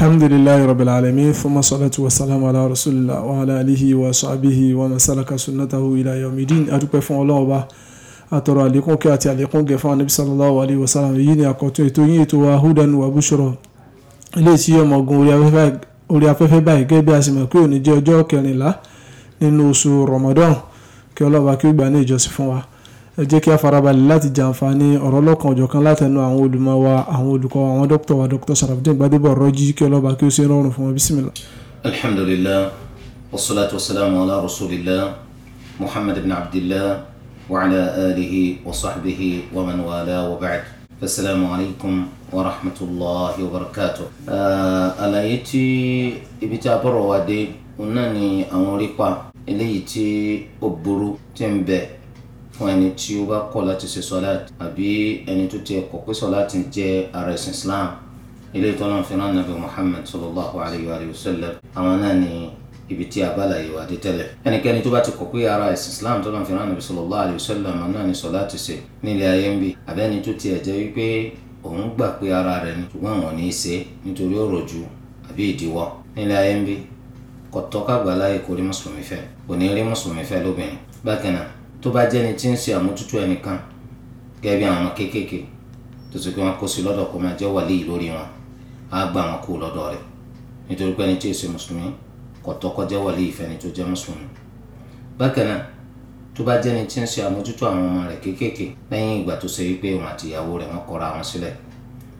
alhamdulilayi rabil alamin fuma salatu wa salam ala rasulillah wa ala alihi wa sahbihi wa masalaka sunnatahu ila yomidin adúpẹ́ fún Ọlọ́run ba atọrọ àlékún kí àti àlékún gẹ fún anabi sallallahu alayhi wa salam èyí ni àkọtún ètò yín ètò wa hudan wa bushra eléyìí tí ọmọ ogun orí afẹ́fẹ́ báyìí gẹ́gẹ́ bí a sì mọ̀ pé òní jẹ́ ọjọ́ kẹrìnlá nínú oṣù ramadan kí Ọlọ́run bá kí ó gbà ní ìjọsìn fún wa ẹ jẹ́ kí a farabalẹ̀ láti jàǹfààní ọ̀rọ̀ lọ́kan ọ̀jọ̀kan látẹnu àwọn olùmọ̀ wa àwọn olùkọ́ àwọn dókítà wa dókítà Sharafdin Gbadebo Raji kí ọlọ́ba kí ó ṣe rọrùn fún wa bisimilá. alhamdulillah wasalaatu wasalaamu ala rasulillah muhammad ibn abdillah wa ala alihi wa sahbihi wa man wala wa ba'd asalaamu alaykum wa rahmatulahi wa barakatu. àlàyé tí ibi tí a bọ̀rọ̀ wa dé òun ni àwọn orí eléyìí tí ó fún ẹni tí ó bá kọ̀ láti ṣe sọ́láàtì àbí ẹni tó ti kọ̀ pé sọ́láàtì jẹ́ ara ẹ̀sìn Islam ilé ìtọ́nà fẹ́ràn nàbẹ Muhammad sallallahu alayhi wa sallam àwọn náà ni ibi tí abala yìí wà dé tẹ́lẹ̀ ẹnikẹ́ni tó bá ti kọ̀ pé ara ẹ̀sìn Islam tọ́nà fẹ́ràn nàbẹ sallallahu alayhi wa sallam àwọn náà ni sọ́láàtì ṣe nílé ayé ń bì àbẹ́ni tó ti ẹ̀jẹ̀ wípé òun gbà pé ara rẹ̀ ni ṣùgbọ́n àwọn ní í ṣe nítorí ọ̀rọ̀ ju àbí ìdíwọ́ bákan náà tó bá jẹ́ni tí ń ṣe àmójútó ẹnìkan gẹ́gẹ́ bí àwọn ọmọ kéékèèké tó ti pé wọn kó sí lọ́dọ̀ kó máa jẹ́ wàlíì lórí wọn á gba wọn kú lọ́dọ̀ rẹ̀ nítorí pé ẹni tí èsì mùsùlùmí kò tọ́kọ́ jẹ́ wàlíì ìfẹ́ni tó jẹ́ mùsùlùmí. bákan náà tó bá jẹ́ni tí ń ṣe àmójútó àwọn ọmọ rẹ̀ kéékèèké lẹ́yìn ìgbà tó ṣe wípé òun àti ìyàwó rẹ̀ wọ́n kọra wọn sílẹ̀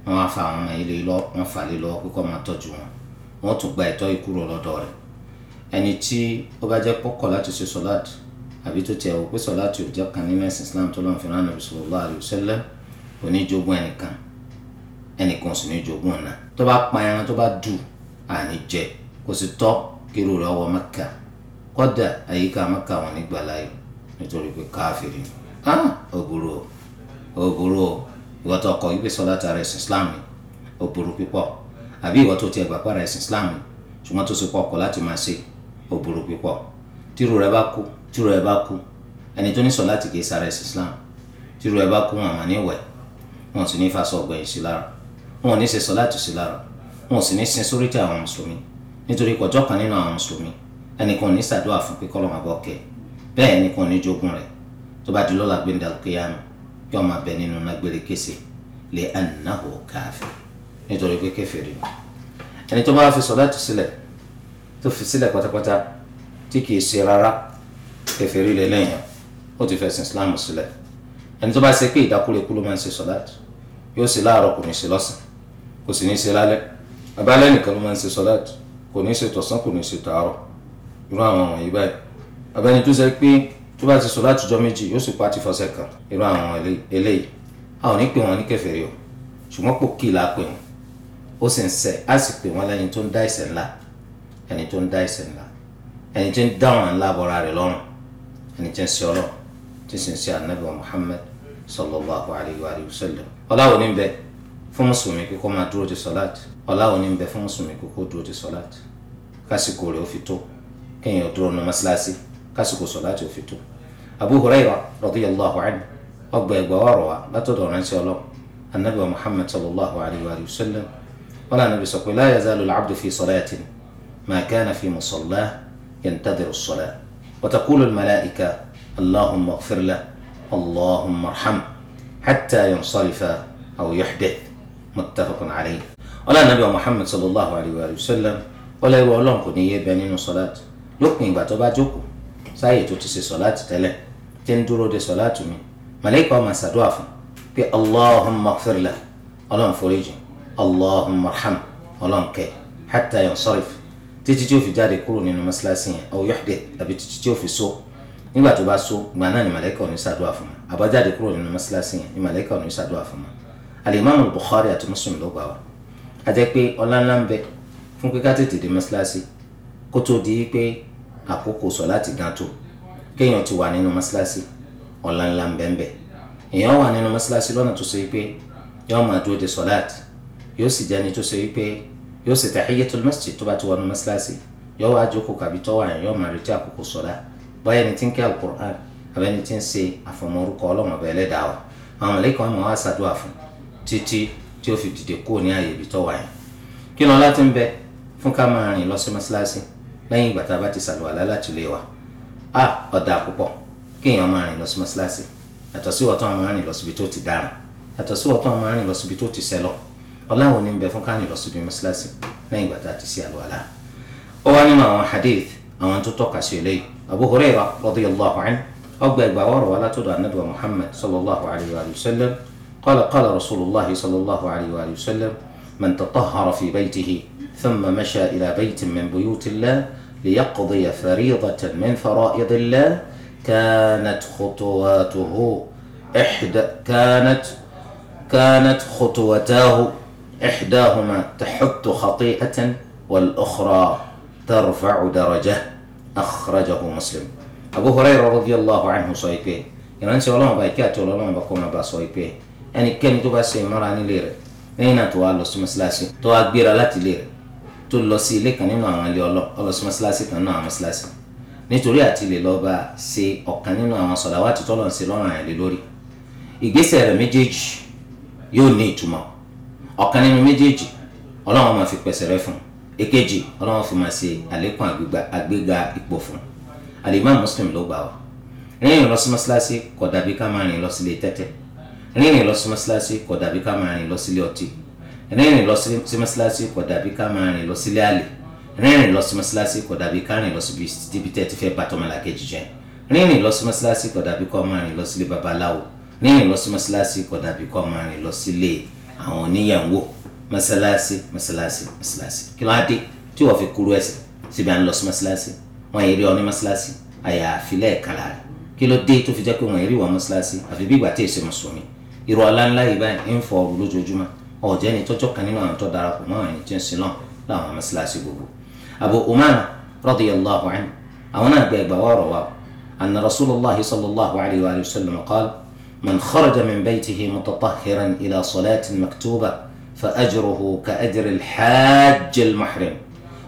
wọ́n fa àwọn ọmọ ilé lọ àbí tó tẹ̀ wọ́n pé sọ láti òjá kan nínú ẹ̀sìn islam tó lọ́n fi rán nàbì sallallahu alaihi wasallam oníjogún ẹnìkan ẹnìkan sì ní jogún ọ̀nà tó bá pa ẹran tó bá dù àní jẹ kò sì tọ́ kírò rẹ̀ ọwọ́ mẹ́ka kọ́dà àyíká mẹ́ka wọn nígbà láyò nítorí pé káfíìrì ah òbúrò òbúrò ìwọ tó kọ ìgbésọ látara ẹ̀sìn islam ni pípọ̀ àbí ìwọ tó tiẹ̀ gbà pàrọ̀ ẹ̀sìn islam ṣùgbọ́n tó sì pọ̀ kọ́ láti máa ṣe òbúrò pípọ̀ tírò rẹ̀ bá kú tíru ẹ bá kú ẹni tó ní sọ láti kì í sára ẹsìn islam tíru ẹ bá kú wọn àwọn níwẹ̀ wọn sì ní fàṣọ ọgbẹ̀yìn sí lára wọn ní ṣe sọ láti sí lára wọn sì ní sin sórí tí àwọn mùsùlùmí nítorí kọjọ́ kan nínú àwọn mùsùlùmí ẹnìkan ní ṣàdúrà fún pé kọ́lọ́ àbọ̀ kẹ bẹ́ẹ̀ ẹnìkan ní jogún rẹ̀ tó bá di lọ́la gbẹ̀ndàlùkẹ́yàmù kí wọ́n máa nínú nágbèrè kése lè ànáhò káfíìn nítorí pé kèfèrí ni ẹni tó bá fi sọ̀láàtù sílẹ̀ tó fi sílẹ̀ pátápátá tí kìí ṣe rárá kèfèrí lẹ́lẹ́yìn ó ti fẹ̀sìn islam sílẹ̀ ẹni tó bá ṣe pé ìdákúrekú ló máa ń ṣe sọ̀láàtì yóò ṣe láàárọ̀ kò ní ṣe lọ́sàn kò sì ní ṣe lálẹ́ abálẹ́ nìkan ló máa ń ṣe sọ̀láàtì kò ní ṣe tọ̀sán kò ní ṣe tàárọ̀ irú àwọn wọ̀nyí báyìí abẹ́ni tó ṣe pé tó bá ti sọ̀láàtì jọ méjì yóò sì pa ti fọ̀sẹ̀ kan irú àwọn eléyìí àwọn ní pè ní kèfèrí o ṣùgbọ́n pò kí ìlà pè wọ́n ó sì ń sẹ́ á sì pè wọ́n ẹni tó ń dá ńlá ẹni tó ń ẹni tí ń ṣe ọlọ tí sì ń ṣe anabi wa muhammed sallallahu alayhi wa sallam ọláwo ní bẹ fún mùsùlùmí kíkọ́ máa dúró ti sọ́láàtì ọláwo ní bẹ fún mùsùlùmí kíkọ́ dúró ti sọ́láàtì kásìkò rẹ̀ ó fi tó kéèyàn dúró nu mọ́sálásí kásìkò sọ́láàtì ó fi tó abu hurayra radiyallahu anhu ọgbà ẹgbà ọ̀rọ̀ wa látọ̀dọ̀ ránṣẹ́ ọlọ anabi wa muhammed sallallahu alayhi wa sallam wọn lànà bí sọ pé la yazalu al fi salatin ma kana وتقول الملائكة اللهم اغفر له اللهم ارحمه حتى ينصرف أو يحدث متفق عليه ولا نبي محمد صلى الله عليه وآله وسلم ولا يقول لهم كنية بينين صلاة لكن باتو باجوكو سايه توتسي صلاة تلا تندرو دي صلاة من ملائكة وما سدوافا بي اللهم اغفر له اللهم فريج اللهم ارحمه اللهم كي حتى ينصرف títí tí ó fi jáde kúrò nínú mọ́ṣáláṣí yẹn ọ̀ yọ̀dẹ̀ àbí títí tí ó fi so nígbà tó bá so gbà náà ni màlẹ́kà ò ní ṣàdúrà fún wa àbájáde kúrò nínú mọ́ṣáláṣí yẹn ni màlẹ́kà ò ní ṣàdúrà fún wa alimami Bukhari àti Muslim ló gbà wá a jẹ́ pé ọlá ńlá ń bẹ fún pé ká tètè dé mọ́ṣáláṣí kó tó di pé àkókò sọ láti gan tó kéèyàn ti wà nínú mọ́ṣáláṣí ọlá ńlá ń bẹ ń èèyàn wà nínú mọ́ṣáláṣí lọ́nà tó ṣe pé yóò máa dúró de sọ́láàtì yóò sì jẹ́ni tó ṣe pé yóò ṣe tahiyatul masjid tó bá ti wọnú mọ́ṣáláṣí yóò wá jókòó kàbí tọ́wọ́ àyàn yóò máa retí àkókò sọ̀dá báyẹn ni tí ń kí alukur'an abẹ́ni tí ń ṣe àfọmọ́rúkọ ọlọ́run ọba ẹlẹ́dàá wa àwọn mọ̀lẹ́kọ̀ ọmọ wa ṣàdúrà fún títí tí ó fi dìde kúrò ní àyè ibi tọ́wọ́ àyàn kí ni ọlá ti ń bẹ fún ká máa rìn lọ sí mọ́ṣáláṣí lẹ́yìn ìgbà tá a bá ti ṣàlùwàlá láti ilé والله وني بيفون كاني بسوي مسلاس ناي بدات سيال ولا وأنا ما حديث أو أن تتوقع سيلي أبو هريرة رضي الله عنه أبو البوار ولا تدع ندوة محمد صلى الله عليه وآله وسلم قال قال رسول الله صلى الله عليه وآله وسلم من تطهر في بيته ثم مشى إلى بيت من بيوت الله ليقضي فريضة من فرائض الله كانت خطواته إحدى كانت كانت خطوتاه إحداهما تحط خطيئة والأخرى ترفع درجة أخرجه مسلم Abu Hurairah radiyallahu anhu sọ yìí pé ìránṣẹ́ Ọlọ́run bá ike àti Ọlọ́run bá kọ ọmọ bá sọ yìí pé ẹnikẹ́ni tó bá ṣe ìmọ̀ra nílé rẹ̀ lẹ́yìn náà tó wá lọ sí mọ́ṣáláṣí tó wá gbéra láti ilé rẹ̀ tó lọ sí ilé kan nínú àwọn ilé ọlọ ọlọ sí mọ́ṣáláṣí kan nínú àwọn mọ́ṣáláṣí nítorí àti lè lọ bá ṣe ọ̀kan nínú àwọn sọ̀dáwà tó tọ́lọ̀ ń ṣe lọ́rùn àyànlélórí ìgbésẹ̀ rẹ̀ méjèèjì yóò ní ìtumọ̀ ọ̀kan nínú méjèèjì ọlọ́run máa fi pẹ̀sẹ̀ rẹ fún èkejì ọlọ́run fi máa ṣe àlékún àgbéga ipò fún alimami muslim ló gbà wá rírìn lọ sí mọ́ṣáláṣí kò dàbí ká máa rìn lọ sílé tẹ́tẹ́ rírìn lọ sí mọ́ṣáláṣí kò dàbí ká máa rìn lọ sílé ọtí rírìn lọ sí mọ́ṣáláṣí kò dàbí ká máa rìn lọ sílé àlè rírìn lọ sí mọ́ṣáláṣí kò dàbí ká rìn lọ síbi tíbi tẹ́ fẹ́ bá tọmọlàkejì jẹ́ rírìn lọ sí mọ́ṣáláṣí kò dàbí kó máa rìn lọ sílé babaláwo rírìn lọ sí mọ́ṣáláṣí kò dàbí kó máa rìn lọ sílé àwọn oníyẹ̀wò mọ́sálásí mọ́sálásí mọ́sálásí kí ló á dé tí wọ́n fi kúrú ẹ̀sìn síbi à ń lọ sí mọ́sálásí wọ́n yẹ rí ọ ní mọ́sálásí àyàfi lẹ́ẹ̀kan láàrin kí ló dé tó fi jẹ́ pé wọ́n yẹ rí wọn mọ́sálásí àfi bí ìgbà tí èsì mùsùlùmí irú ọlá ńlá yìí báyìí ń fọ ọrù lójoojúmọ́ ọ̀jẹ́ ni tọ́jọ́ kan nínú àwọn tó darapọ̀ mọ́ àwọn ènìyàn sí náà láwọn mọ́sálásí gbogbo Abu من خرج من بيته متطهرا إلى صلاة مكتوبة فأجره كأجر الحاج المحرم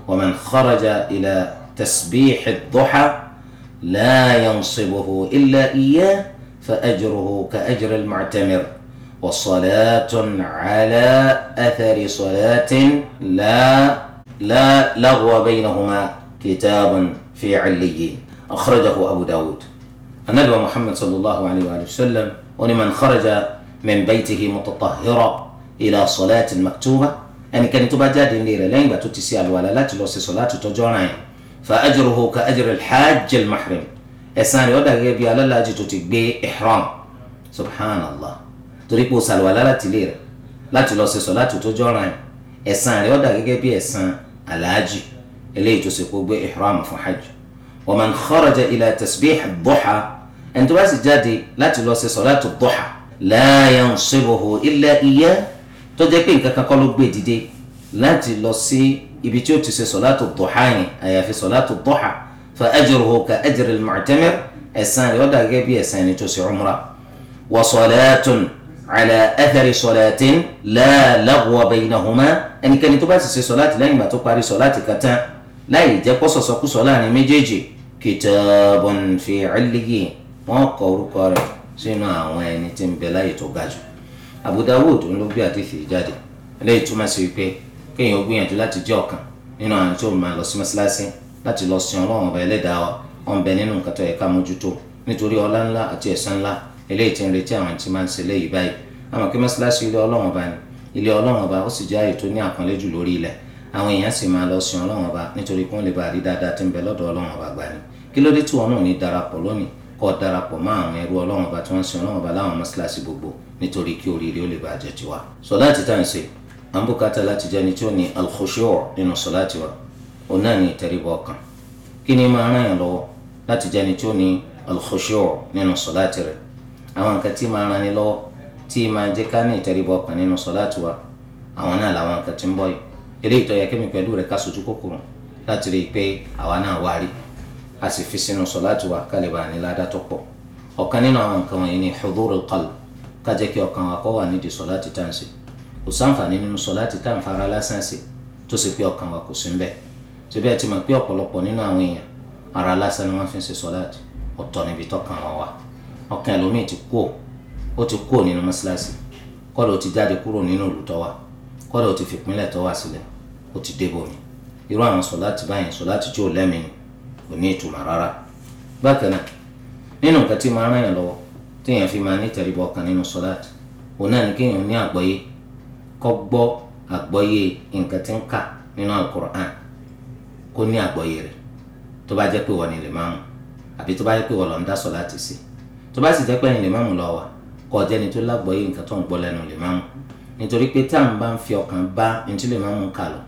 ومن خرج إلى تسبيح الضحى لا ينصبه إلا إياه فأجره كأجر المعتمر وصلاة على أثر صلاة لا لا لغو بينهما كتاب في عليين أخرجه أبو داود ندوى محمد صلى الله عليه وآله وسلم ولمن خرج من بيته متطهرا إلى صلاة مكتوبة أن كانت تبجى دينير لين بتتسي الولالات لوس صلاة تجونين فأجره كأجر الحاج المحرم إسان يودا غيب يالالا جي إحرام سبحان الله تريبو سالوالالات لير لا تلوس صلاة تجونين إسان يودا غيب يسان الاجي إليه تسيقو بإحرام فحج ومن خرج إلى تسبيح الضحى ẹni tó bá sì jáde láti lọ ṣe sọ̀látù dọ́hà la yansibuhu illa iya tó jẹ́ pé nǹkan kan kọ́ ló gbé e dìde láti lọ sí ibi tí ó ti ṣe sọ̀látù dọ́hà yẹn àyàfi sọ̀látù dọ́hà fa ajruhu ka ajri al-mu'tamir ẹ̀san rẹ̀ ó dà gẹ́gẹ́ bí ẹ̀san ẹni tó ṣe umra wa salatun ala athari salatin la wọ́n kọ orúkọ rẹ̀ sínú àwọn ẹni tí ń bẹ láyè tó ga jù Abu Dawud ló gbé àdìsí jáde eléyìí túmọ̀ sí wípé kéèyàn ó gbìyànjú láti jẹ́ ọ̀kan nínú àwọn tó máa lọ sí mọ́sálásí láti lọ sin ọlọ́run ọba ẹlẹ́dàá wa ọ̀n bẹ nínú nǹkan tó yẹ ká mójútó nítorí ọlá ńlá àti ẹ̀san ńlá eléyìí ti ń retí àwọn tí máa ń ṣe léyìí báyìí àmọ́ kí mọ́sálásí ilé ọlọ́run ọba ni ilé ọlọ́run ọba ó sì jẹ́ àyè tó ní àpọ́nlé jù lórí ilẹ̀ àwọn èèyàn sì máa lọ sin ọlọ́run ọba nítorí kí wọ́n lè bá rí dáadáa ń bẹ lọ́dọ̀ ọlọ́run ọba gbani kí ló tí wọn náà ní darapọ̀ lónìí kọ́ darapọ̀ mọ́ àwọn ẹrú ọlọ́run ọba tí wọ́n ń sin ọlọ́run ọba láwọn mọ́ṣáláṣí gbogbo nítorí kí oríire ó lè bàjẹ́ tiwa. sọláàtì tá à ń ṣe à ń bùkátà láti jẹ́ ẹni tí ó ní alkhushu' nínú sọláàtì wa òun náà ní ìtẹríba ọkàn kí ni máa ràn yàn lọ́wọ́ láti jẹ́ ẹni tí ó ní alkhushu' nínú sọláàtì rẹ̀ àwọn nǹkan tí máa ràn ni lọ́wọ́ tí máa jẹ́ ká ní ìtẹríba ọkàn nínú sọláàtì wa àwọn náà a sì fi sínú sọ̀láàtì wa kálíbà ní ládà tó pọ̀ ọ̀kan nínú àwọn nǹkan wọ̀nyí ni hudurul qalb ká jẹ́ kí ọkàn wa kó wà nídìí sọ̀láàtì tá à ń ṣe kò sáǹfààní nínú sọ̀láàtì tá à ń fara lásán ṣe tó sì pé ọkàn wa kò sí ńbẹ̀ síbẹ̀ tí mà pé ọ̀pọ̀lọpọ̀ nínú àwọn èèyàn ara lásán ni wọ́n fi ń ṣe sọ̀láàtì ọ̀tọ̀ níbi tọkàn wa wà ọkàn ẹlòmíì ti kú ó ti kú nínú mọ́ṣáláṣí kọ́dọ̀ ó ti jáde kúrò nínú ìlú tó wà ó ti fìpínlẹ̀ tó wà sílẹ̀ ó ti débò mi irú àwọn sọ̀láàtì báyìí sọ̀láàtì tí ò lẹ́mìí kò ní ìtura rárá bákan náà nínú nǹkan tí máa ràn yàn lọ́wọ́ téèyàn fi máa ní tẹríba ọkàn nínú sọláàt òun náà ni kéèyàn ní àgbọ́yé kó gbọ́ àgbọ́yé nǹkan tí ń kà nínú alukur'an kó ní àgbọ́yé rẹ̀ tó bá jẹ́ pé wọ́n ní lè máa mú àbí tó bá jẹ́ pé wọ́n lọ ń dá sọláàt sí tó bá sì jẹ́ pé ẹ̀yin lè máa mú lọ wà kó jẹ́ ni tó lágbọ́yé nǹkan tó ń gbọ́ lẹ́nu lè máa mú nítorí pé tá à ń bá ń fi ọkàn bá ní tí máa mú kà lọ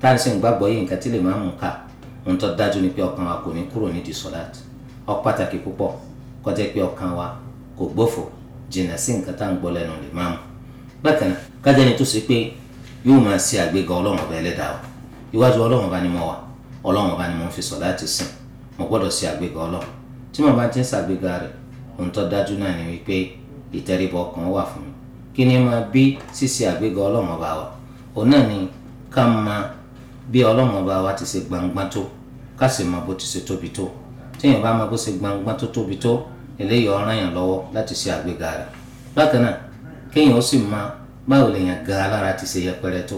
tá à ń sì ń gbàgbọ́yé nǹkan tí lè máa mú kà ohun tó dájú ni pé ọkàn wa kò ní kúrò nídìí sọ́láàt ó pàtàkì púpọ̀ kó jẹ́ pé ọkàn wa kò gbófò jìnnà sí nǹkan tá à ń gbọ́ lẹ́nu límáàmù bákan náà kájẹ́ni tó ṣe pé yóò máa ṣe àgbéga ọlọ́run ọba ẹlẹ́dàá o iwájú ọlọ́run ọba ni mo wà ọlọ́run ọba ni mo ń fi sọ́láàt sìn mo gbọ́dọ̀ ṣe àgbéga ọlọ́run tí mo bá ti ń ṣàgbéga rẹ̀ ohun tó dájú náà ni wípé ìtẹríbọ ọkàn wà fún mi kí ni máa bí ṣíṣe àgbéga ọlọ́run ọba wa òun náà ni ká máa bí ọlọ́run ọba wa ti ṣe gbangba tó ká sì mọ bó ti ṣe tóbi tó téèyàn bá mọ bó ṣe gbangba tó tóbi tó eléyìí ọ̀ràn yàn lọ́wọ́ láti ṣe àgbéga rẹ̀ bákan náà kéèyàn ó sì mọ báwo lèèyàn ga alára ti ṣe yẹpẹrẹ tó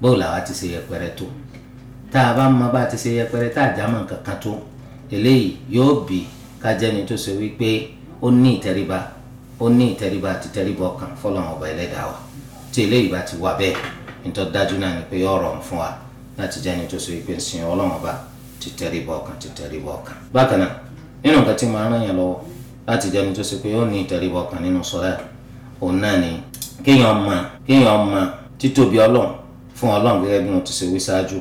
báwo làwa ti ṣe yẹpẹrẹ tó tá a bá mọ bá ti ṣe yẹpẹrẹ tá a já mọ nǹkan kan tó eléyìí yóò bì ká jẹ́ni tó ṣe wípé ó ní ìtẹríba ó ní ìtẹríba àti ìtẹríba ọkàn fọlọ́run ọba ẹlẹ́dàá wa tí eléyìí bá ti wà bẹ́ẹ̀ nítorí náà ni pé yóò rọrùn fún wa láti jẹ́ ẹni tó so pé ń sin ọlọ́run ọba ti tẹríba ọkàn ti tẹríba ọkàn. bákan náà nínú nǹkan tí màá ràn yàn lọ́wọ́ láti jẹ́ ẹni tó so pé ó ní ìtẹríba ọkàn nínú sọ́lá òun náà ni kéèyàn mọ kéèyàn mọ títóbi ọlọ́run fún ọlọ́run gẹ́gẹ́ bí wọ́n ti ṣe wí ṣáájú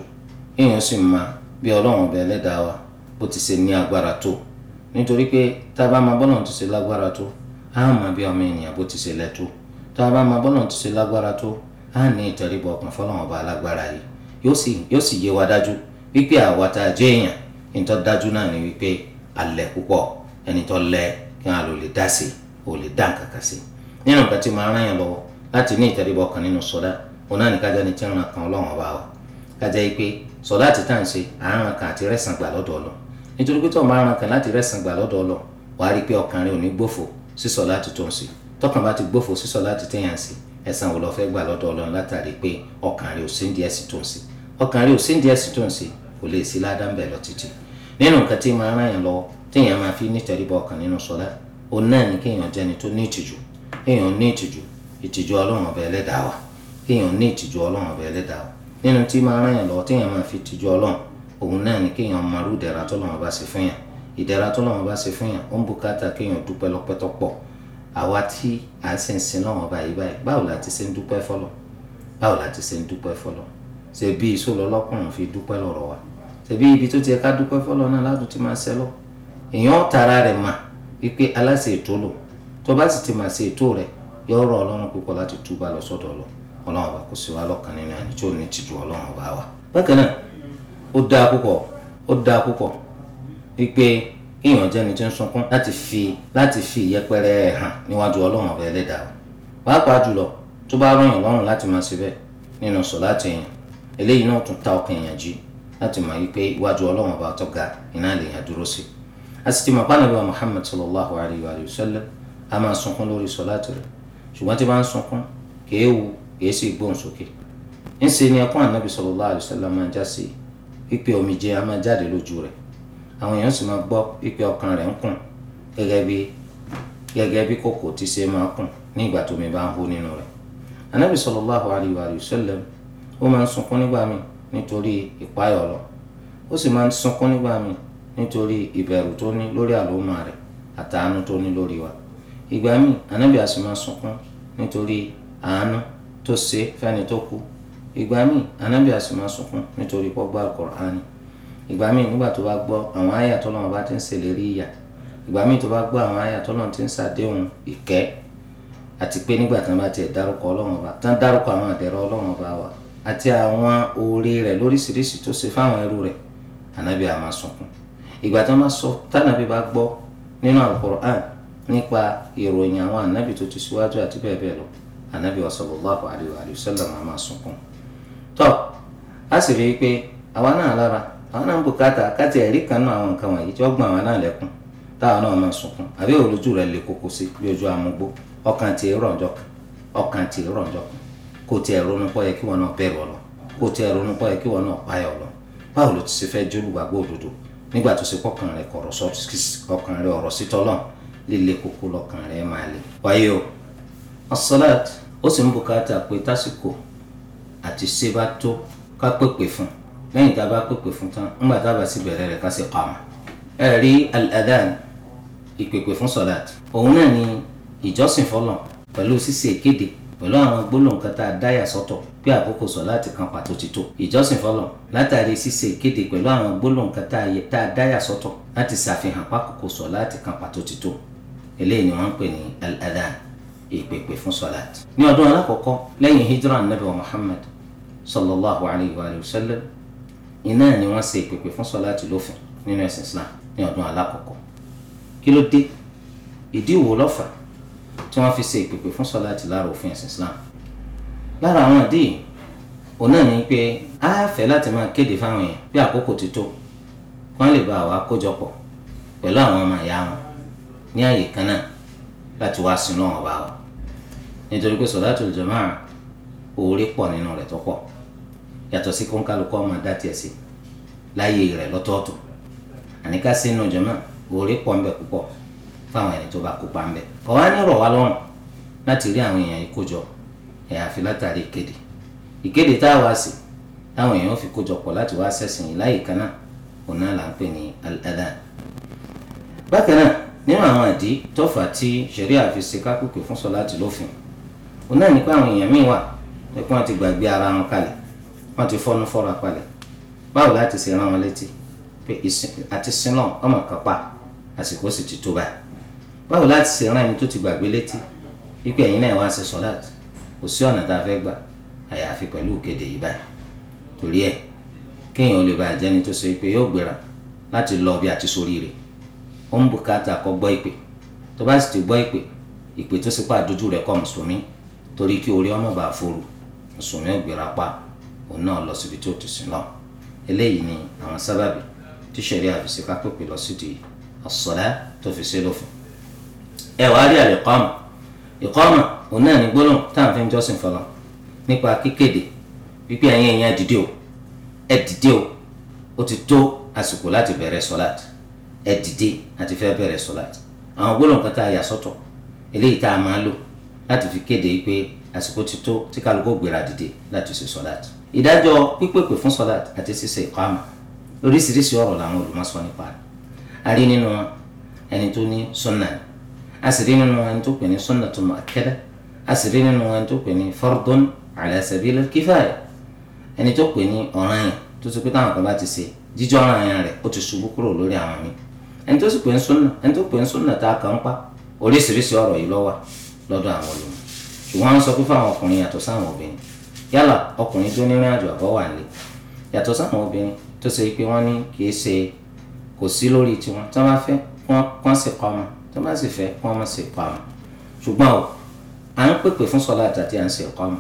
kéèyàn sì mọ bí ọlọ́run ọba ẹlẹ́dàá wa bó ti ṣe ní agbára tó nítorí pé tá a bá máa bọ́lọ̀ ti ṣe lágbára tó á mọ bí ọmọ ènìyàn bó ti ṣe lẹ́tọ́ tá a bá máa bọ́lọ̀ ti ṣe lágbára tó á ní ìtẹríba ọkàn fọlọ́run ọba alágbára yìí yóò sì yóò sì yé wa dájú wípé àwa tá a jẹ́ èèyàn nítọ́ dájú náà ni wípé alẹ́ púpọ̀ ẹni tó lẹ kí wọn lò lè dá sí ò lè dá nǹkan kan sí nínú nǹkan tí máa rán yàn lọ́wọ́ láti ní ìtẹríbọ kan nínú sọdá òun náà ní kájá ni tí ń ran kan ọlọ́run ọba wa kájá yìí pé sọdá ti tá à ń ṣe àárín kan àti rẹ̀sán gbà lọ́dọ̀ ọlọ nítorí pé tó ń bá ran kan láti rẹ̀sán gbà lọ́dọ̀ ọlọ wàá rí i pé ọkàn ò ní gbòfò sí sọdá ti tó ń ṣe tọkàn bá ti gbòfò sí sọdá ti téèyàn ṣe ẹ̀san wo gbà lọ́dọ̀ ọlọ́run látàrí pé ọkàn ò sí ń di ẹ̀sìn tó ń ṣe ọkàn rẹ ò sí díẹ̀ sí tó ń ṣe kò lè sí ládàá ń bẹ̀ lọ títí nínú nǹkan tí máa ràn yàn lọ́wọ́ téèyàn máa fi nítẹríba ọkàn nínú sọlá òun náà ni kéèyàn jẹni tó ní ìtìjú kéèyàn ní ìtìjú ìtìjú ọlọ́run ọba ẹlẹ́dàá wa kéèyàn ní ìtìjú ọlọ́run ọba ẹlẹ́dàá wa nínú tí máa ràn yàn lọ́wọ́ téèyàn máa fi ìtìjú ọlọ́run òun náà ni kéèyàn marú ìdẹ̀ra ìdẹ̀ra tọ́lọ́run ọba ṣebí iṣó lọ́lọ́kùnrin fi dúpẹ́ lọ́rọ̀ wa ṣebí ibi tó ti ẹ ká dúpẹ́ fọlọ́ náà ládùn ti máa ṣẹlọ èèyàn tara rẹ̀ mà wípé aláṣẹ ètò lò tó bá sì ti mà ṣe ètò rẹ̀ yọ ọ̀rọ̀ Ọlọ́run púpọ̀ láti túbà lọ sọ́dọ̀ lọ Ọlọ́run ọba kò sí wa lọ́kàn nínú ẹni tí ò ní tìjú Ọlọ́run ọba wa. bákan náà ó dáa púpọ̀ ó dáa púpọ̀ wípé èèyàn jẹ́ni tí ń sunkún láti fi láti fi ìyẹpẹrẹ hàn níwájú Ọlọ́run ọba ẹlẹ́dàá wa pàápàá jùlọ tó bá rọyìn lọ́rùn láti máa ṣe bẹ́ẹ̀ nínú sọ láti yìn eléyìí náà tún ta ọkàn èèyàn jí láti mọ̀ wípé iwájú ọlọ́run ọba tó ga iná lèèyàn dúró sí a sì ti mọ̀ pé ànábì muhammed sallallahu alayhi wa sallam a máa sunkún lórí sọláàtì rẹ̀ ṣùgbọ́n tí bá ń sunkún kìí wu kìí sì gbóhùn sókè ńṣe ni ẹkún ànábì sallallahu alayhi wa sallam máa já sí pípé omijé a máa jáde lójú rẹ̀ àwọn èèyàn sì máa gbọ́ pípé ọkàn rẹ̀ ń kùn gẹ́gẹ́ bí gẹ́gẹ́ bí kòkò tí ṣe máa kùn ní ìgbà tómi bá ń hó nínú rẹ̀ ànábì sallallahu alayhi wa sallam ó máa ń sunkún nígbà míì nítorí ìpáyà ọlọ ó sì máa ń sunkún nígbà míì nítorí ìbẹ̀rù tó ní lórí àlómà rẹ̀ àtàánú tó ní lórí wa ìgbà míì ànábì àsì máa sunkún nítorí àánú tó ṣe fẹ́ni tó kú ìgbà míì ànábì àsì máa sunkún nítorí pọ́gbà Kùránì ìgbà míì nígbà tó bá gbọ́ àwọn àyà tó lọ́wọ́ bá ti ń ṣèlérí ìyà ìgbà míì tó bá gbọ́ àwọn àyà tó lọ́wọ́ ti ń ṣàdéhùn ìkẹ́ àti pé nígbà tí wọ́n bá tiẹ̀ dárúkọ Ọlọ́run Ọba tí dárúkọ àwọn àdẹ̀rọ Ọlọ́run Ọba wa àti àwọn oore rẹ̀ lóríṣiríṣi tó ṣe fáwọn ẹrú rẹ̀ anabi àmà sunkún ìgbà tó máa sọ tànàbí bá gbọ nínú Al-Qur'an nípa ìròyìn àwọn tó ti síwájú àti bẹ́ẹ̀ bẹ́ẹ̀ lọ anabi sallallahu alaihi wa sallam àmà sunkún tọ́ a sì rí i pé àwa náà lára àwọn náà ń bùkátà káti ẹ̀rí kan náà àwọn nǹkan wọ̀nyí tí wọ́n gbọ́n náà lẹ́kùn náà ti kó tiẹ̀ ronú pọ́ yẹ kí wọn náà bẹ̀rù ọ̀nà kó tiẹ̀ ronú pọ́ yẹ kí wọn náà páyà ọ̀nà báwo ló ti ṣe fẹ́ jólùgbàgbọ́ òdodo nígbà tó ṣe pọ́kàn rẹ kọ̀rọ̀ sọ ọkàn rẹ ọ̀rọ̀ sí tọ́lọ̀ líle koko lọ́kàn rẹ máa le. wáyé o asọ́láàt ó sì ń bùkátà pé tásìkò àti ṣe bá tó ká pèpè fún lẹ́yìn tá a bá pèpè fún tán ńgbà tá a bá sì bẹ̀rẹ̀ rẹ̀ ká sì kàmá. ẹ rí al-adhan ìpèpè fún sọ́láàt òun náà ni ìjọsìn fọlọ̀ pẹ̀lú ṣíṣe ìkéde pẹ̀lú àwọn gbólóhùn kan tá a dáyà sọ́tọ̀ pé àkókò sọ láti kan pàtó ti tó ìjọsìn fọlọ̀ látàrí ṣíṣe ìkéde pẹ̀lú àwọn gbólóhùn kan tá a dáyà sọ́tọ̀ láti ṣàfihàn pákókò sọ láti kan pàtó ti tó eléyìí ni wọ́n ń pè ní al-adhan ìpèpè fún sọláàtì. ní ọdún alákọ̀ọ́kọ́ lẹ́yìn hijra nabi wa muhammad sallallahu alayhi wa sallam iná ni wọ́n ṣe ìpèpè fún sọláàtì lófin nínú ẹ̀sìn islam ní ọdún alákọ̀ọ́kọ́ kí ló dé ìdí ìwò tí wọ́n fi ṣe ìpèpè fún sọ́láàtì lára òfin ẹ̀sìn Islam lára àwọn àdéhì òun náà ni pé a fẹ́ láti máa kéde fáwọn èèyàn bí àkókò ti tó kán lè bá àwa kójọpọ̀ pẹ̀lú àwọn ọmọ ìyá wọn ní àyè kan náà láti wá sínú ọ̀hún bá wa nítorí pé sọ̀láàtì jamaa oore pọ̀ nínú rẹ̀ tó pọ̀ yàtọ̀ sí kónkálukọ́ ọmọ dá tiẹ̀ sí láyé rẹ̀ lọ́tọ̀ọ̀tọ̀ àníkà sínú jamaa oore pọ̀ ń bẹ púpọ̀ fáwọn ẹni tó bá kópa ń bẹ ọ̀wá ní rọ̀ wá lọ́rùn láti rí àwọn èèyàn yìí kójọ àyàfi látàrí ìkéde ìkéde tá a wá sí táwọn èèyàn fi kójọpọ̀ láti wá sẹ́sìn yìí láyè kan náà òun náà là ń pè ní al-adhan bákan náà nínú àwọn àdí tọ́fà tí ṣẹ̀ríà fi ṣe kápùpè fún sọ́láàtì lófin òun náà ní àwọn èèyàn míì wà pé wọ́n ti gbàgbé ara wọn kalẹ̀ wọ́n ti fọ́nú fọ́ra kalẹ̀ báwo láti ṣe rán wọn létí pé àti sinọ́ ọmọ kan àsìkò sì ti tó báyìí báwo láti ṣe rán ẹni tó ti gbàgbé létí wípé ẹ̀yin náà wá ṣe sọ́láàtì kò sí ọ̀nà tá a fẹ́ gbà àyàfi pẹ̀lú ìkéde yìí báyìí torí ẹ̀ kéèyàn ò lè bá àjẹni tó ṣe pé yóò gbéra láti lọ bí àti sórí rẹ̀ ó ń bùkátà kó gbọ́ ìpè tó bá sì ti gbọ́ ìpè ìpè tó sì pa àdójú rẹ̀ kọ́ mùsùlùmí torí kí orí ọmọ bá fòrò mùsùlùmí ò gbéra pa òun náà lọ síbi tó ti sìn lọ eléyìí ni àwọn sábàbí tíṣẹ̀rí àfìsíkápẹ́pẹ́ lọ sídìí àsọ̀lá tó fi ṣe lófin ẹ wàá rí al-iqama iqama òun náà ní gbólóhùn táwọn fi ń jọ́sìn fọlọ́ nípa kíkéde wípé ẹ̀yin èèyàn dìde o ẹ dìde o ó ti tó àsìkò láti bẹ̀rẹ̀ sọ́láàt ẹ dìde àti fẹ́ bẹ̀rẹ̀ sọ́láàt àwọn gbólóhùn kan tá a yà sọ́tọ̀ eléyìí tá a máa lò láti fi kéde wípé àsìkò ti tó tí kálukú gbéra dìde láti ṣe sọ́láàt ìdájọ́ pípèpè fún sọ́láàt àti ṣíṣe ìkọ́àmà oríṣiríṣi ọ̀rọ̀ làwọn olùmọ̀sọ a sì rí nínú wọn tó pè ní sunnatun mu'akkada a sì rí nínú wọn tó pè ní fardun ala sabil al-kifaya ẹni tó pè ní ọ̀ranyàn tó ti pé táwọn kan bá ti ṣe jíjọ́ ọ̀ranyàn rẹ̀ ó ti ṣubú kúrò lórí àwọn mi ẹni tó sì pè ní sunna ẹni tó pè ní sunna tá a kàn ń pa oríṣiríṣi ọ̀rọ̀ yìí ló wà ṣùgbọ́n sọ pé fáwọn ọkùnrin yàtọ̀ sáwọn obìnrin yálà ọkùnrin tó ní ìrìn àbọ̀ wà nílé yàtọ̀ sáwọn obìnrin tó ṣe pé wọ́n ní kì í ṣe kò sí lórí tiwọn tí wọ́n bá fẹ́ wọ́n sí kọ́ ọmọ tó bá sì fẹ́ wọ́n máa ṣe ìpamọ́ ṣùgbọ́n o à ń pèpè fún sọlá àtàtì à ń ṣe ìpamọ́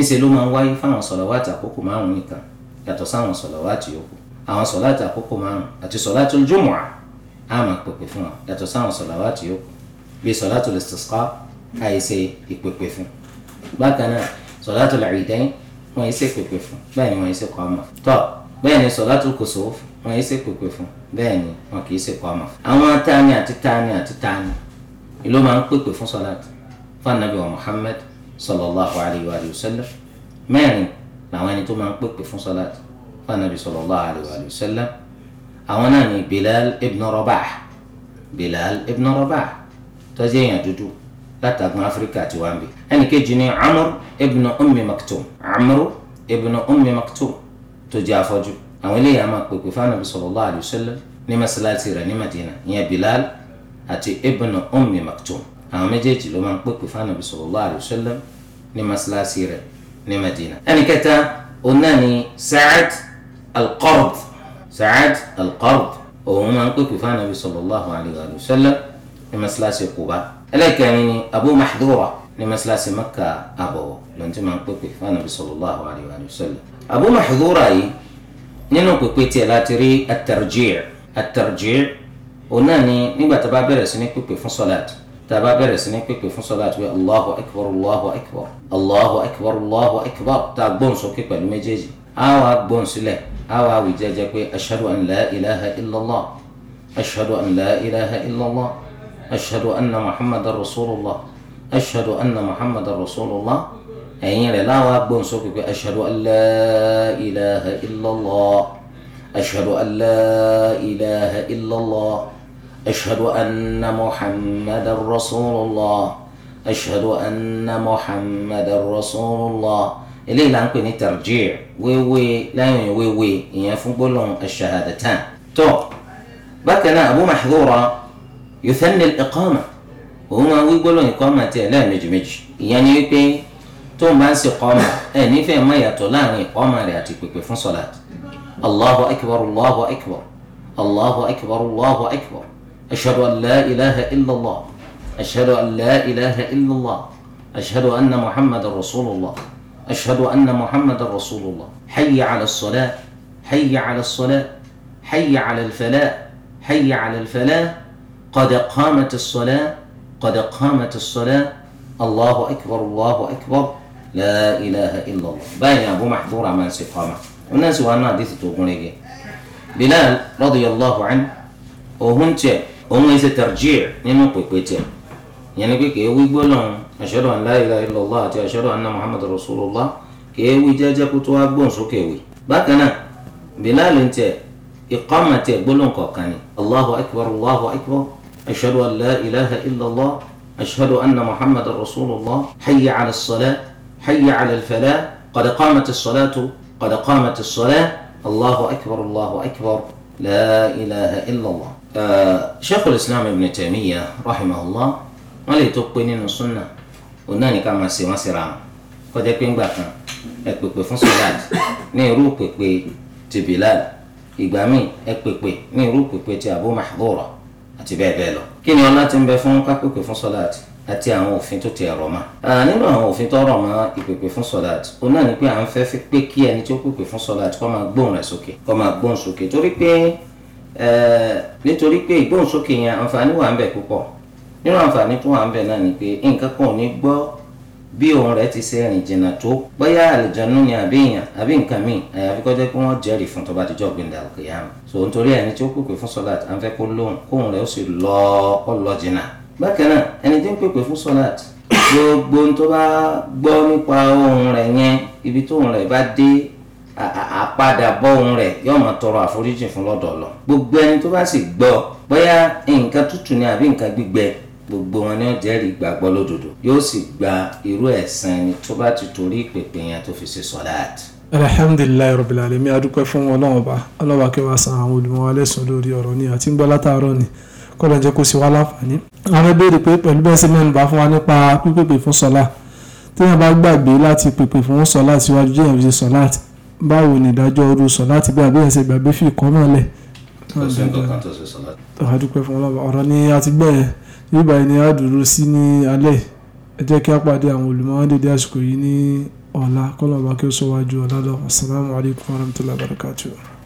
ńṣe ló máa ń wáyé fáwọn sọ̀làwátì àkókò márùn nìkan yàtọ̀ sáwọn sọ̀làwátì yòókù àwọn sọ̀láàtì àkókò márùn àti sọ̀láàtì jùmùà á máa pèpè fún wọn yàtọ̀ sáwọn sọ̀làwátì yòókù bí sọ̀láàtì istisqa àìṣe ìpèpè fún bákan náà sọ̀láàtì al-Eidain wọ́n yìí wọ́n yìí bẹ́ẹ̀ ni sọ̀látù kùsùf wọn yìí ṣe pèpè fún bẹ́ẹ̀ ni wọn kì í ṣe kọ́ àmà. àwọn tani àti tani àti tani ìlú máa ń pèpè fún sọ̀látù fún anabi wa Muhammad sallallahu alayhi wa sallam mẹ́rin làwọn ẹni tó máa ń pèpè fún sọ̀látù fún anabi sallallahu alayhi wa sallam àwọn náà ni Bilal ibn Rabah Bilal ibn Rabah tó èèyàn dúdú látàgùn Áfíríkà ti wá ẹnì kejì ni Amr ibn Ummi Maktum Amr ibn Ummi Maktum tó jẹ́ afọ́jú àwọn eléyìí a máa pèpè fún anabi sallallahu alayhi wa sallam ní masalasi rẹ̀ ní madina ìyẹn bilal àti ibnu ummi maktum àwọn méjèèjì ló máa ń pèpè fún anabi sallallahu alayhi wa sallam ní masalasi rẹ̀ ní madina. ẹnì kẹta òun náà ni sa'ad alqard sa'ad alqard òun máa ń pèpè fún anabi sallallahu alayhi wa sallam ní masalasi kuba ẹlẹ́kẹrin ni abu mahdura ní masalasi makka àbọ̀wọ̀ lọ́n ti máa pèpè fún anabi sallallahu Abu Mahdura yìí nínú pèpè tiẹ̀ láti rí at-tarji' at-tarji' òun náà ni nígbà tá a bá bẹ̀rẹ̀ sí ní pèpè fún sọ́láàtì tá a bá bẹ̀rẹ̀ sí ní pèpè fún sọ́láàtì wí allahu akbar allahu akbar allahu akbar allahu akbar tá a gbóhùn sókè pẹ̀lú méjèèjì á wà gbóhùn sílẹ̀ á wà wí jẹ́jẹ́ pé ashhadu an la ilaha illallah ashhadu an la ilaha illallah ashhadu anna muhammadan rasulullah ashhadu anna muhammadan rasulullah. ẹ̀yìn rẹ̀ láwọn agbóhùnsókè pé ashhadu an la ilaha illallah ashhadu an la ilaha illallah ashhadu anna muhammadan rasulullah ashhadu anna muhammadan rasulullah eléyìí là ń pè ní tarjih wéwé láyìn wéwé ìyẹn fún gbólóhùn ash-shahadatan tó bákan náà abu mahdura yuthanni al-iqama òun máa wí gbólóhùn iqama tiẹ̀ lẹ́ẹ̀mejì méjì ìyẹn ni wípé. tó ń bá ń ṣe kọ́mà ẹ̀ nífẹ̀ẹ́ mọ́ ìyàtọ̀ láàrin ìkọ́mà rẹ̀ àti pèpè fún sọ́lá allahu akbar allahu akbar allahu akbar allahu akbar ashadu an la ilaha illallah ashadu an la ilaha illallah ashadu anna muhammad rasulillah ashadu anna muhammad rasulillah hayya ala sola hayya ala sola hayya ala fala hayya ala fala qad qamat sola qad qamat sola allahu akbar allahu akbar. لا إله إلا الله باين يا أبو محذور عمان سيقامة والناس هو أنا ديث توقوني إيه؟ بلال رضي الله عنه وهم تي هم إذا ترجع ينو قوي قوي تي يعني بي كيو يقولون أشهد أن لا إله إلا الله تي أشهد أن محمد رسول الله كيو يجاجا كتوا أقبون سو كيو باكنا بلال انت إقامة يقولون قوكاني الله أكبر الله أكبر أشهد أن لا إله إلا الله أشهد أن محمد رسول الله حي على الصلاة حي على الفلاح قد قامت الصلاة قد قامت الصلاة الله أكبر الله أكبر لا إله إلا الله آه، شيخ الإسلام ابن تيمية رحمه الله مالي تقنين السنة وناني كما سيما سرام قد يكون باكا أكبر في الصلاة نيرو كبير تبلال إبامي أكبر نيرو كبير تابو محظورة أتبع بيلو كيني الله تنبفون كبير في الصلاة àti àwọn òfin tó ti ẹ̀rọ mọ́. nínú àwọn òfin tó rọ̀ mọ́ ìpèpè fún sọ̀láàtì ó náà ni pé à ń fẹ́ fi pé kí ẹni tí ó pèpè fún sọ̀láàtì kó máa gbóhùn rẹ̀ sókè kó máa gbóhùn sókè torí pé nítorí pé ìgbóhùn sókè yẹn àǹfààní wà ń bẹ púpọ̀ nínú àǹfààní tó wà ń bẹ náà ni pé nǹkan kan ò ní gbọ́ bí òun rẹ̀ ti ṣe rìn jìnnà tó bóyá àlùjànnú ni àbí èèyàn àbí nǹkan míì àyàfi kó jẹ́ pé wọ́n jẹ́rìí fún tó bá dijọ́ gbẹ̀ndà òkè yàrá so nítorí ẹni tí ó pèpè fún sọ̀láàtì à ń fẹ́ kó lóhùn kóhùn rẹ̀ ó sì lọ́ọ́ kó lọ jìnnà bákan náà ẹni tí ń pèpè fún sọláàt gbogbo tó bá gbọ́ nípa ohun rẹ̀ yẹn ibi tó ohun rẹ̀ bá dé àpadàbọ̀ ohun rẹ̀ yóò máa tọrọ àforíjì fún lọ́dọ̀ lọ gbogbo ẹni tó bá sì gbọ́ bóyá nǹkan tútù ni àbí nǹkan gbígbẹ gbogbo wọn ni ó jẹ́rìí ìgbàgbọ́ lódodo yóò sì gba irú ẹ̀san ẹni tó bá ti torí ìpèpè yẹn tó fi ṣe sọláàt. alhamdulilayi rabbil alamin adúpẹ́ fún ọlọ́run ọba ọlọ́run akẹ́wàá san àwọn olùmọ̀ alẹ́sùn lórí ọ̀rọ̀ ni àti ń gbọ́ látàárọ̀ ni kọ́lọ̀ jẹ́ kó sì wá láǹfààní. àwọn ìbéèrè pé pẹ̀lú bẹ́ẹ̀ sí mẹ́nu bá fún wa nípa pípèpè fún sọ́lá téèyàn bá gbàgbé láti pèpè fún sọ́lá síwájú jẹ́yàn fi ṣe sọ́lá báwo ni ìdájọ́ orú sọ́lá ti bí àbẹ́yẹn ṣe gbàgbé fi ìkọ́ náà lẹ̀. àdúpẹ́ fún ọlọ́ba ọ̀rọ̀ ni a ti gbọ́ yẹn bíbá ẹni á dúró yìí ní ọ̀la kọ́lọ̀ assalamu alaikum warahmatullahi wabarakatuh.